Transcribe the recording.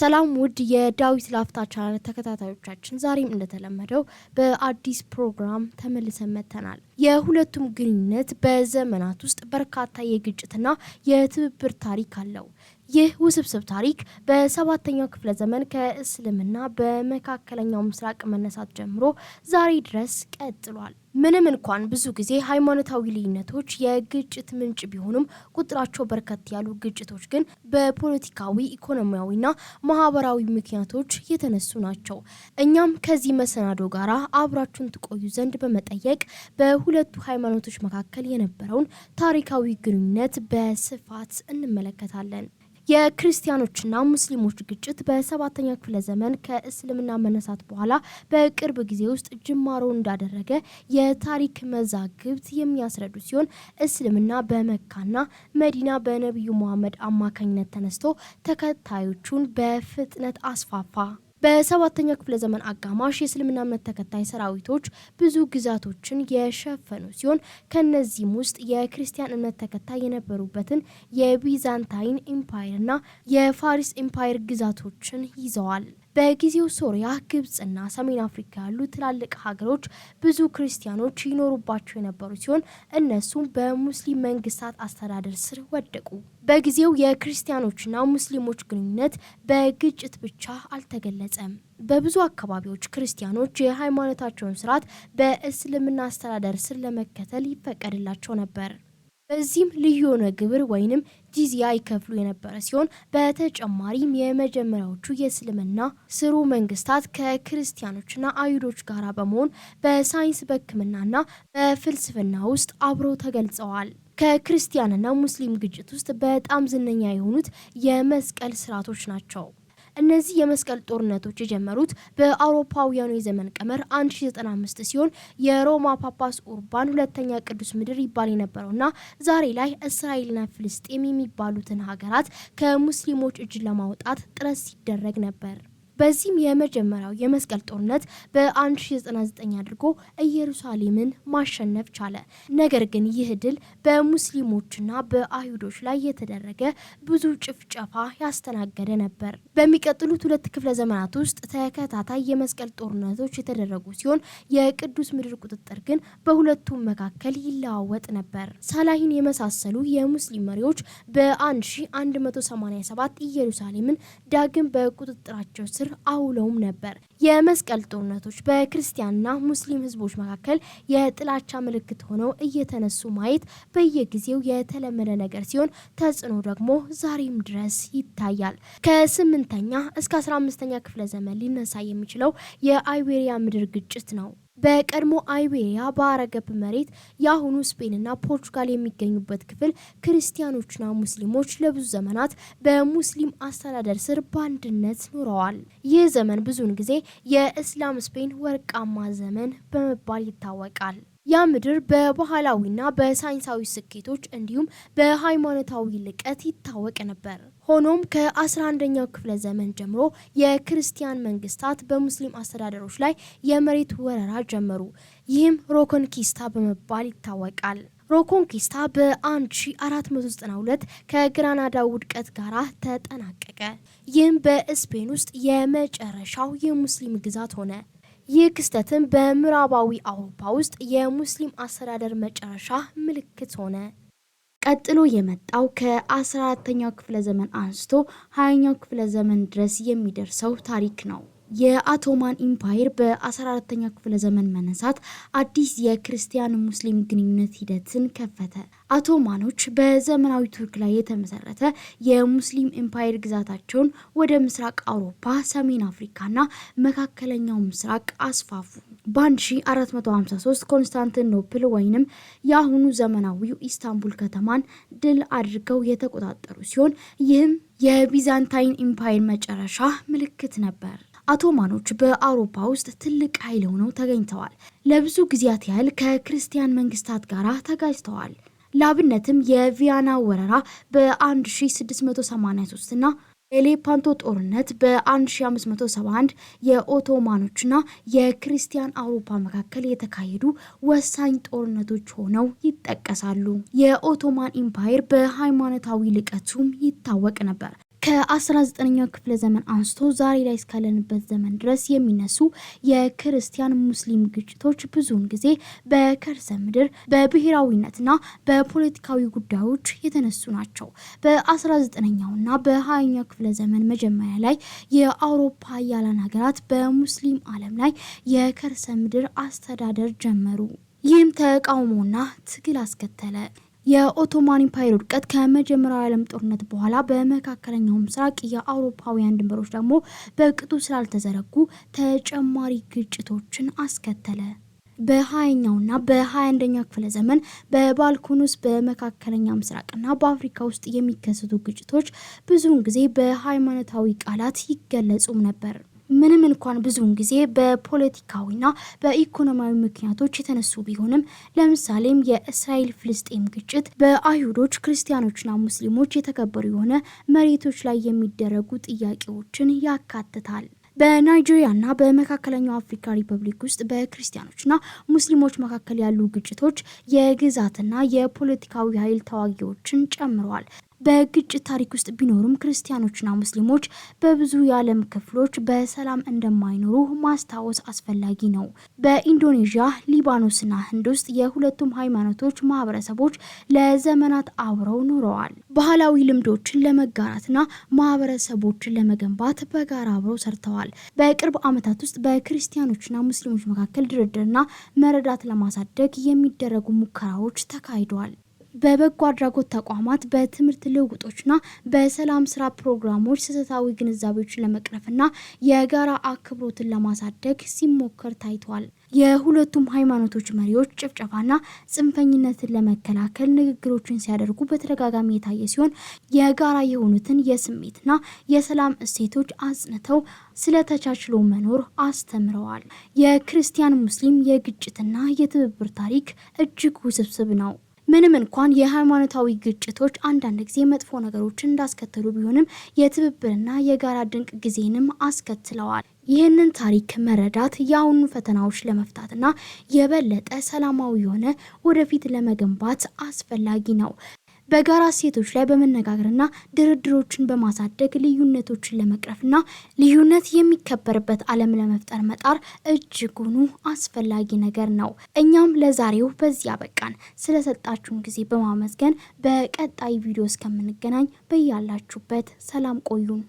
ሰላም ውድ የዳዊት ላፍታ ቻናል ተከታታዮቻችን፣ ዛሬም እንደተለመደው በአዲስ ፕሮግራም ተመልሰን መጥተናል። የሁለቱም ግንኙነት በዘመናት ውስጥ በርካታ የግጭትና የትብብር ታሪክ አለው። ይህ ውስብስብ ታሪክ በሰባተኛው ክፍለ ዘመን ከእስልምና በመካከለኛው ምስራቅ መነሳት ጀምሮ ዛሬ ድረስ ቀጥሏል። ምንም እንኳን ብዙ ጊዜ ሃይማኖታዊ ልዩነቶች የግጭት ምንጭ ቢሆኑም ቁጥራቸው በርከት ያሉ ግጭቶች ግን በፖለቲካዊ ኢኮኖሚያዊና ማህበራዊ ምክንያቶች የተነሱ ናቸው። እኛም ከዚህ መሰናዶ ጋር አብራችሁን ትቆዩ ዘንድ በመጠየቅ በሁለቱ ሃይማኖቶች መካከል የነበረውን ታሪካዊ ግንኙነት በስፋት እንመለከታለን። የክርስቲያኖችና ሙስሊሞች ግጭት በሰባተኛው ክፍለ ዘመን ከእስልምና መነሳት በኋላ በቅርብ ጊዜ ውስጥ ጅማሮ እንዳደረገ የታሪክ መዛግብት የሚያስረዱ ሲሆን እስልምና በመካና መዲና በነቢዩ መሐመድ አማካኝነት ተነስቶ ተከታዮቹን በፍጥነት አስፋፋ። በሰባተኛው ክፍለ ዘመን አጋማሽ የእስልምና እምነት ተከታይ ሰራዊቶች ብዙ ግዛቶችን የሸፈኑ ሲሆን ከነዚህም ውስጥ የክርስቲያን እምነት ተከታይ የነበሩበትን የቢዛንታይን ኢምፓየርና የፋሪስ ኢምፓየር ግዛቶችን ይዘዋል። በጊዜው ሶሪያ፣ ግብጽና ሰሜን አፍሪካ ያሉ ትላልቅ ሀገሮች ብዙ ክርስቲያኖች ይኖሩባቸው የነበሩ ሲሆን እነሱም በሙስሊም መንግስታት አስተዳደር ስር ወደቁ። በጊዜው የክርስቲያኖችና ሙስሊሞች ግንኙነት በግጭት ብቻ አልተገለጸም። በብዙ አካባቢዎች ክርስቲያኖች የሃይማኖታቸውን ስርዓት በእስልምና አስተዳደር ስር ለመከተል ይፈቀድላቸው ነበር። በዚህም ልዩ የሆነ ግብር ወይንም ጂዚያ ይከፍሉ የነበረ ሲሆን በተጨማሪም የመጀመሪያዎቹ የእስልምና ስሩ መንግስታት ከክርስቲያኖችና አይሁዶች ጋር በመሆን በሳይንስ በሕክምናና በፍልስፍና ውስጥ አብረው ተገልጸዋል። ከክርስቲያንና ሙስሊም ግጭት ውስጥ በጣም ዝነኛ የሆኑት የመስቀል ስርዓቶች ናቸው። እነዚህ የመስቀል ጦርነቶች የጀመሩት በአውሮፓውያኑ የዘመን ቀመር 1095 ሲሆን የሮማ ጳጳስ ኡርባን ሁለተኛ ቅዱስ ምድር ይባል የነበረውና ዛሬ ላይ እስራኤልና ፍልስጤም የሚባሉትን ሀገራት ከሙስሊሞች እጅ ለማውጣት ጥረት ሲደረግ ነበር። በዚህም የመጀመሪያው የመስቀል ጦርነት በ1099 አድርጎ ኢየሩሳሌምን ማሸነፍ ቻለ። ነገር ግን ይህ ድል በሙስሊሞችና በአይሁዶች ላይ የተደረገ ብዙ ጭፍጨፋ ያስተናገደ ነበር። በሚቀጥሉት ሁለት ክፍለ ዘመናት ውስጥ ተከታታይ የመስቀል ጦርነቶች የተደረጉ ሲሆን የቅዱስ ምድር ቁጥጥር ግን በሁለቱም መካከል ይለዋወጥ ነበር። ሳላሂን የመሳሰሉ የሙስሊም መሪዎች በ1187 ኢየሩሳሌምን ዳግም በቁጥጥራቸው ስር ስር አውለውም ነበር። የመስቀል ጦርነቶች በክርስቲያንና ሙስሊም ህዝቦች መካከል የጥላቻ ምልክት ሆነው እየተነሱ ማየት በየጊዜው የተለመደ ነገር ሲሆን ተጽዕኖ ደግሞ ዛሬም ድረስ ይታያል። ከስምንተኛ እስከ አስራ አምስተኛ ክፍለ ዘመን ሊነሳ የሚችለው የአይቤሪያ ምድር ግጭት ነው። በቀድሞ አይቤሪያ በአረገብ መሬት የአሁኑ ስፔንና ፖርቹጋል የሚገኙበት ክፍል ክርስቲያኖችና ሙስሊሞች ለብዙ ዘመናት በሙስሊም አስተዳደር ስር በአንድነት ኑረዋል። ይህ ዘመን ብዙውን ጊዜ የእስላም ስፔን ወርቃማ ዘመን በመባል ይታወቃል። ያ ምድር በባህላዊና በሳይንሳዊ ስኬቶች እንዲሁም በሃይማኖታዊ ልቀት ይታወቅ ነበር። ሆኖም ከ11ኛው ክፍለ ዘመን ጀምሮ የክርስቲያን መንግስታት በሙስሊም አስተዳደሮች ላይ የመሬት ወረራ ጀመሩ። ይህም ሮኮንኪስታ በመባል ይታወቃል። ሮኮንኪስታ በ1492 ከግራናዳ ውድቀት ጋር ተጠናቀቀ። ይህም በስፔን ውስጥ የመጨረሻው የሙስሊም ግዛት ሆነ። ይህ ክስተትም በምዕራባዊ አውሮፓ ውስጥ የሙስሊም አስተዳደር መጨረሻ ምልክት ሆነ። ቀጥሎ የመጣው ከ14ተኛው ክፍለ ዘመን አንስቶ 20ኛው ክፍለ ዘመን ድረስ የሚደርሰው ታሪክ ነው። የአቶማን ኢምፓየር በ14ተኛ ክፍለ ዘመን መነሳት አዲስ የክርስቲያን ሙስሊም ግንኙነት ሂደትን ከፈተ። አቶማኖች በዘመናዊ ቱርክ ላይ የተመሰረተ የሙስሊም ኢምፓየር ግዛታቸውን ወደ ምስራቅ አውሮፓ፣ ሰሜን አፍሪካና መካከለኛው ምስራቅ አስፋፉ። በ1453 ኮንስታንቲኖፕል ወይንም የአሁኑ ዘመናዊው ኢስታንቡል ከተማን ድል አድርገው የተቆጣጠሩ ሲሆን ይህም የቢዛንታይን ኢምፓየር መጨረሻ ምልክት ነበር። አቶማኖች በአውሮፓ ውስጥ ትልቅ ኃይል ሆነው ተገኝተዋል። ለብዙ ጊዜያት ያህል ከክርስቲያን መንግስታት ጋር ተጋጅተዋል። ለአብነትም የቪያና ወረራ በ1683 እና የሌፓንቶ ጦርነት በ1571 የኦቶማኖችና የክርስቲያን አውሮፓ መካከል የተካሄዱ ወሳኝ ጦርነቶች ሆነው ይጠቀሳሉ። የኦቶማን ኢምፓየር በሃይማኖታዊ ልቀቱም ይታወቅ ነበር። ከ19ኛው ክፍለ ዘመን አንስቶ ዛሬ ላይ እስካለንበት ዘመን ድረስ የሚነሱ የክርስቲያን ሙስሊም ግጭቶች ብዙውን ጊዜ በከርሰ ምድር በብሔራዊነትና በፖለቲካዊ ጉዳዮች የተነሱ ናቸው። በ19ኛውና በ20ኛው ክፍለ ዘመን መጀመሪያ ላይ የአውሮፓ ኃያላን ሀገራት በሙስሊም ዓለም ላይ የከርሰ ምድር አስተዳደር ጀመሩ። ይህም ተቃውሞና ትግል አስከተለ። የኦቶማን ኢምፓየር ውድቀት ከመጀመሪያው የዓለም ጦርነት በኋላ በመካከለኛው ምስራቅ የአውሮፓውያን ድንበሮች ደግሞ በቅጡ ስላልተዘረጉ ተጨማሪ ግጭቶችን አስከተለ። በሀያኛውና በሀያ አንደኛው ክፍለ ዘመን በባልኮንስ በመካከለኛ ምስራቅና በአፍሪካ ውስጥ የሚከሰቱ ግጭቶች ብዙውን ጊዜ በሃይማኖታዊ ቃላት ይገለጹም ነበር። ምንም እንኳን ብዙውን ጊዜ በፖለቲካዊና በኢኮኖሚያዊ ምክንያቶች የተነሱ ቢሆንም ለምሳሌም የእስራኤል ፍልስጤም ግጭት በአይሁዶች ክርስቲያኖችና ሙስሊሞች የተከበሩ የሆነ መሬቶች ላይ የሚደረጉ ጥያቄዎችን ያካትታል። በናይጄሪያና በመካከለኛው አፍሪካ ሪፐብሊክ ውስጥ በክርስቲያኖችና ሙስሊሞች መካከል ያሉ ግጭቶች የግዛትና የፖለቲካዊ ኃይል ተዋጊዎችን ጨምረዋል። በግጭት ታሪክ ውስጥ ቢኖሩም ክርስቲያኖችና ሙስሊሞች በብዙ የዓለም ክፍሎች በሰላም እንደማይኖሩ ማስታወስ አስፈላጊ ነው። በኢንዶኔዥያ፣ ሊባኖስና ህንድ ውስጥ የሁለቱም ሃይማኖቶች ማህበረሰቦች ለዘመናት አብረው ኑረዋል። ባህላዊ ልምዶችን ለመጋራትና ማህበረሰቦችን ለመገንባት በጋራ አብረው ሰርተዋል። በቅርብ ዓመታት ውስጥ በክርስቲያኖችና ሙስሊሞች መካከል ድርድርና መረዳት ለማሳደግ የሚደረጉ ሙከራዎች ተካሂደዋል። በበጎ አድራጎት ተቋማት በትምህርት ልውውጦችና በሰላም ስራ ፕሮግራሞች ስህተታዊ ግንዛቤዎችን ለመቅረፍና የጋራ አክብሮትን ለማሳደግ ሲሞከር ታይቷል። የሁለቱም ሃይማኖቶች መሪዎች ጭፍጨፋና ጽንፈኝነትን ለመከላከል ንግግሮችን ሲያደርጉ በተደጋጋሚ የታየ ሲሆን የጋራ የሆኑትን የስሜትና የሰላም እሴቶች አጽንተው ስለ ተቻችሎ መኖር አስተምረዋል። የክርስቲያን ሙስሊም የግጭትና የትብብር ታሪክ እጅግ ውስብስብ ነው። ምንም እንኳን የሃይማኖታዊ ግጭቶች አንዳንድ ጊዜ መጥፎ ነገሮችን እንዳስከተሉ ቢሆንም የትብብርና የጋራ ድንቅ ጊዜንም አስከትለዋል። ይህንን ታሪክ መረዳት የአሁኑ ፈተናዎች ለመፍታትና የበለጠ ሰላማዊ የሆነ ወደፊት ለመገንባት አስፈላጊ ነው። በጋራ ሴቶች ላይ በመነጋገርና ድርድሮችን በማሳደግ ልዩነቶችን ለመቅረፍና ልዩነት የሚከበርበት ዓለም ለመፍጠር መጣር እጅጉኑ አስፈላጊ ነገር ነው። እኛም ለዛሬው በዚህ አበቃን። ስለሰጣችሁን ጊዜ በማመስገን በቀጣይ ቪዲዮ እስከምንገናኝ በያላችሁበት ሰላም ቆዩም።